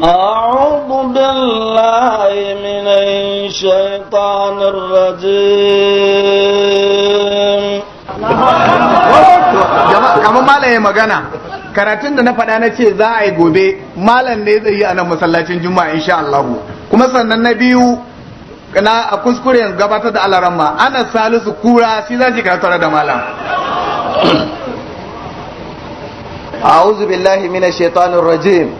أعوذ بالله من الشيطان الرجيم kamar malam ya magana karatun da na faɗa na ce za a yi gobe malam ne zai yi a nan masallacin juma'a insha Allah kuma sannan na biyu na a kuskure gabatar da alaramma ana salisu kura shi za shi karatu da malam a'udhu billahi minash shaitanir rajim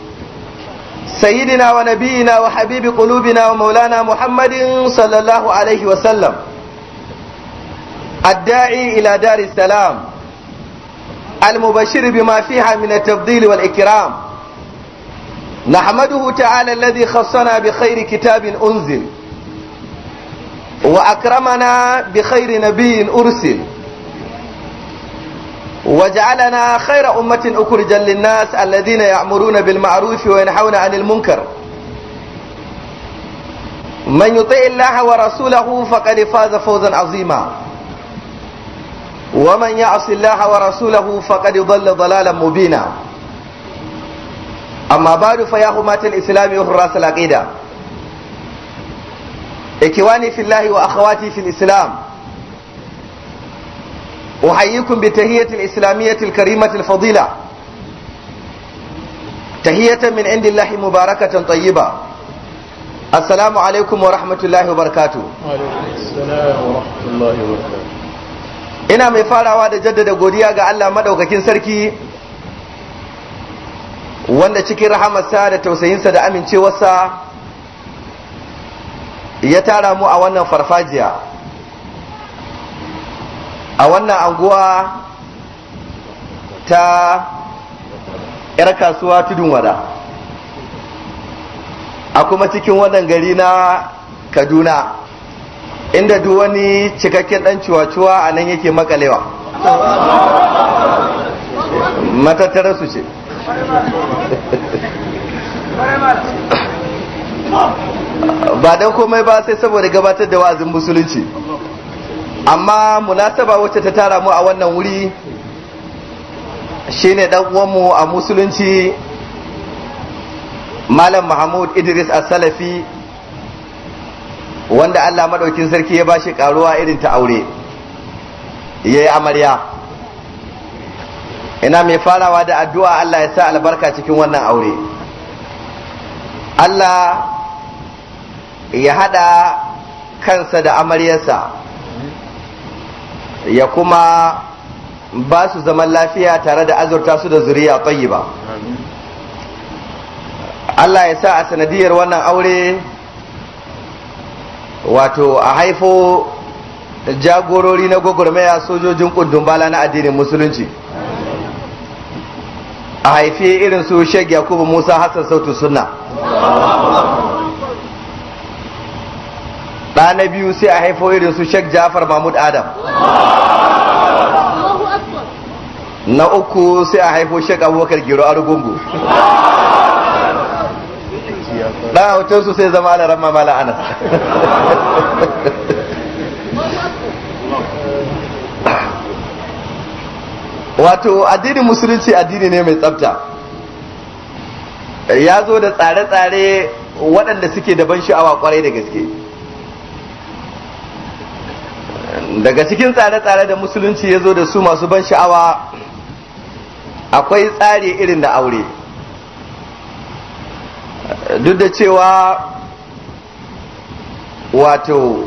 سيدنا ونبينا وحبيب قلوبنا ومولانا محمد صلى الله عليه وسلم الداعي إلى دار السلام المبشر بما فيها من التفضيل والإكرام نحمده تعالى الذي خصنا بخير كتاب أنزل وأكرمنا بخير نبي أرسل وجعلنا خير أمة أخرجا للناس الذين يأمرون بالمعروف وينحون عن المنكر من يطع الله ورسوله فقد فاز فوزا عظيما ومن يعص الله ورسوله فقد ضل ضلالا مبينا أما بعد فيا أمة الإسلام وحراس العقيدة إخواني في الله وأخواتي في الإسلام أحييكم بتهية الإسلامية الكريمة الفضيلة تهية من عند الله مباركة طيبة السلام عليكم ورحمة wa وبركاته وعليكم السلام ورحمة ina mai farawa da jaddada godiya ga Allah madaukakin sarki wanda cikin rahamarsa da tausayinsa da amincewarsa ya tara mu a wannan farfajiya a wannan anguwa ta 'yar kasuwa tudun wada a kuma cikin wannan gari na kaduna inda duk wani cikakken dan ciwa-ciwa a nan yake makalewa matattara su ce ba don komai ba sai saboda gabatar da wa'azin musulunci amma munasaba wacce ta tara mu a wannan wuri shine dan uwanmu a musulunci malam mahmud idris as-salafi wanda allah maɗaukin sarki ya bashi karuwa irin ta aure ya yi amarya ina mai farawa da addu'a allah ya sa albarka cikin wannan aure allah ya haɗa kansa da amaryarsa ya kuma ba su zaman lafiya tare da azurta su da zuriya ba. Allah ya sa a sanadiyar wannan aure wato a haifo jagorori na gwagwarmaya sojojin kundin na addinin musulunci a haifi irin su shek yakubu musa hassan sautu sunna ɗa biyu sai a haifo irin su shek jafar mahmud adam na uku sai a haifo shek abubakar gero a rugungu ɗan hautarsu sai zama ala ramma mala anas wato addinin musulunci addini ne mai tsafta ya zo da tsare-tsare waɗanda suke da ban sha'awa kwarai da gaske daga cikin tsare-tsare da musulunci ya zo da su masu ban sha'awa akwai tsari irin da aure duk da cewa wato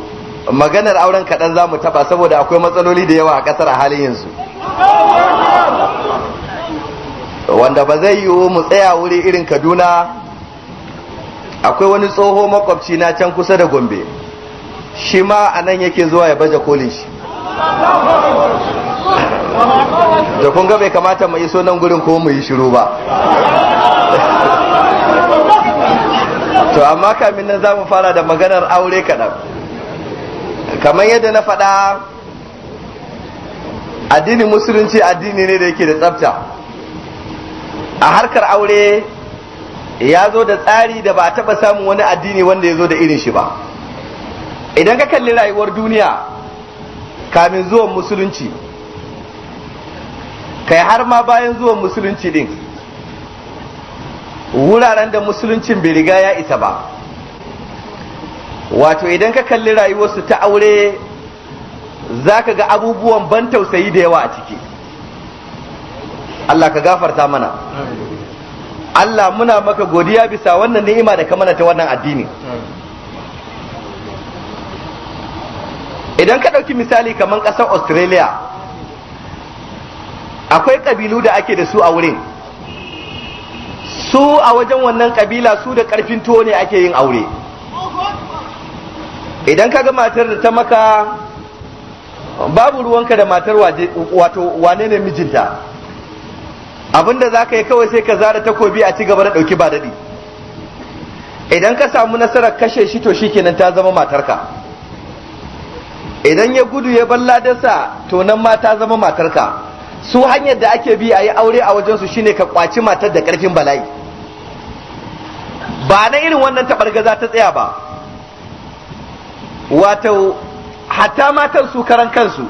maganar auren kaɗan za mu taɓa saboda akwai matsaloli da yawa a ƙasar a halin yanzu wanda ba zai yiwu mu tsaya wuri irin kaduna akwai wani tsoho makwabci na can kusa da gombe shi ma a nan yake zuwa ya baje kolin shi Da kun ga bai kamata mu iso nan gurin ko mu yi shiru ba to amma kamin nan za mu fara da maganar aure kaɗan kamar yadda na faɗa addinin musulunci addini ne da yake da tsafta a harkar aure ya zo da tsari da ba a taɓa samun wani addini wanda ya zo da irin shi ba idan ka kalli rayuwar duniya kamin zuwan musulunci kai har ma bayan zuwan musulunci din wuraren da musuluncin bai riga ya isa ba wato idan ka kalli rayuwarsu ta aure za ka ga abubuwan ban tausayi da yawa a ciki Allah ka gafarta mana Allah muna maka godiya bisa wannan ni'ima da ka mana ta wannan addini idan ka ɗauki misali kamar ƙasar australia akwai ƙabilu da ake da su a wurin su a wajen wannan ƙabila su da ƙarfin tuwo ne ake yin aure idan kaga matar da ta maka babu ruwanka da matar wato wane ne mijinta abinda za ka yi kawai sai ka zara takobi a ci gaba da ɗauki ba daɗi idan ka samu nasarar kashe shi to shi kenan ta zama matarka idan ya gudu ya balla dasa to nan ma ta zama matarka su hanyar da ake bi a yi aure a wajensu shine ka kwaci matar da karfin bala'i ba na irin wannan gaza ta tsaya ba wato hatta matan su karan kansu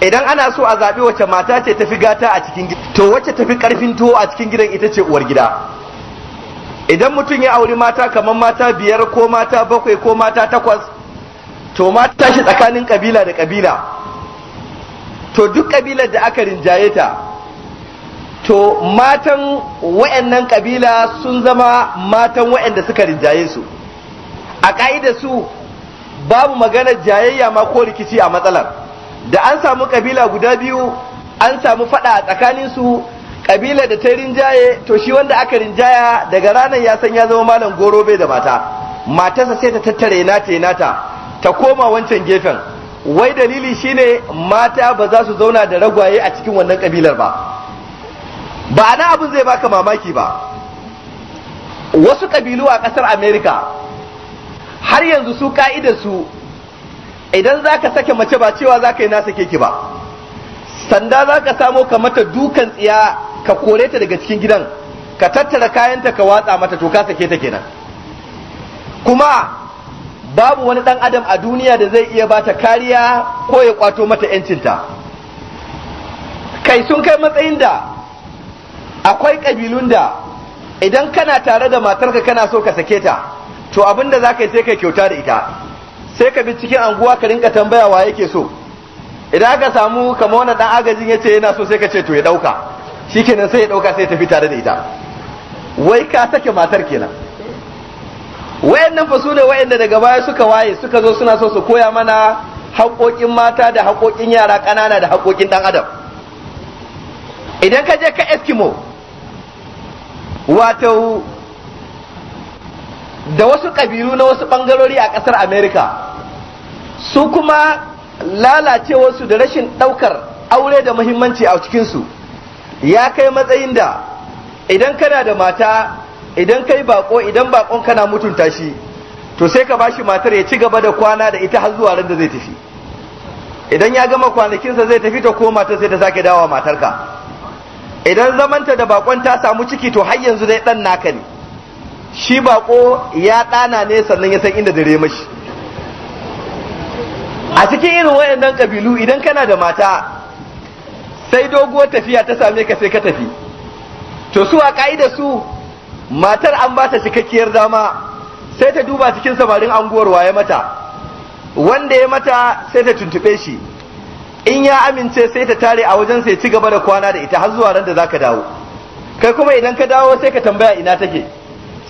idan ana so a zaɓi wacce mata ce tafi gata a cikin gida to wacce tafi karfin tuwo a cikin gidan ita ce uwar gida idan mutum ya auri mata kamar mata biyar ko mata bakwai ko mata takwas to mata shi tsakanin kabila da kabila to duk kabilar da aka rinjaye ta to matan wayannan kabila sun zama matan wayanda suka rinjaye su a ka'ida su babu maganar jayayya ma ko rikici a matsalar da an samu ƙabila guda biyu an samu faɗa a su, ƙabila da ta rinjaye to shi wanda aka rinjaya daga ranar ya san ya zama malam gorobe da mata matarsa sai ta tattare nata nata ta koma wancan gefen wai dalili shine mata ba za su zauna da ragwaye a cikin wannan kabilar ba ba na abin zai baka mamaki ba wasu kabilu a kasar america har yanzu su ka'idar su idan za ka sake mace ba cewa za ka yi nasa keke ba sanda za ka samo ka mata dukan tsiya ka kore ta daga cikin gidan ka tattara kayanta ka watsa mata to ka sake ta kenan kuma babu wani ɗan adam a duniya da zai iya bata kariya ko ya kwato mata ‘yancinta kai sun kai matsayin da akwai ƙabilun da idan kana tare da matarka kana so ka sake ta to abin da za ka yi sai ka kyauta da ita sai ka bi cikin anguwa ka rinka tambaya wa yake so idan aka samu kamar wani ɗan agajin ya ce yana so sai ka ce to ya ɗauka shi kenan sai ya ɗauka sai ya tafi tare da ita wai ka sake matar kenan wayannan fa sune wayanda daga baya suka waye suka zo suna so su koya mana haƙoƙin mata da haƙoƙin yara ƙanana da haƙoƙin ɗan adam idan ka je ka eskimo wato da wasu ƙabilu na wasu ɓangarori a ƙasar Amerika, su kuma lalacewarsu da rashin ɗaukar aure da muhimmanci a cikinsu ya kai matsayin da idan kana da mata idan kai bako idan bakon kana mutunta shi to sai ka bashi matar ya ci gaba da kwana da ita har zuwa ran da zai tafi idan ya gama kwanakinsa zai tafi ta koma ta sai ta sake dawowa matarka idan zamanta da bakon ta samu ciki to har yanzu dai dan naka ne shi bako ya dana ne sannan ya san inda dare mashi a cikin irin wayannan kabilu idan kana da mata sai doguwar tafiya ta same ka sai ka tafi to su a ka'ida su matar an ba ta cikakkiyar dama sai ta duba cikin samarin anguwar waye mata wanda ya mata sai ta tuntube shi in ya amince sai ta tare a wajen sai ci gaba da kwana da ita har zuwa ran da zaka dawo kai kuma idan ka dawo sai ka tambaya ina take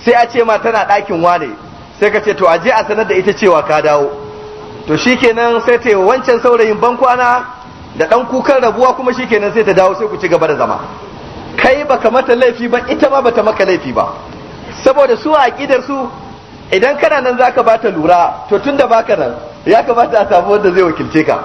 sai a ce ma tana ɗakin wane sai ka ce to aje a sanar da ita cewa ka dawo to shikenan sai ta yi wancan saurayin ban kwana da ɗan kukan rabuwa kuma shikenan sai ta dawo sai ku ci gaba da zama kai baka mata laifi ba ita ma bata maka laifi ba saboda su a su idan kana nan zaka bata lura to tunda baka nan ya kamata a samu wanda zai wakilce ka